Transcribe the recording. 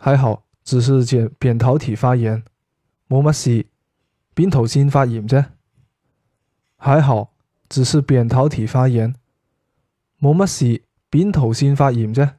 還好，只是扁扁桃體發炎，冇乜事，扁桃腺發炎啫。還好，只是扁桃體發炎，冇乜事，扁桃腺發炎啫。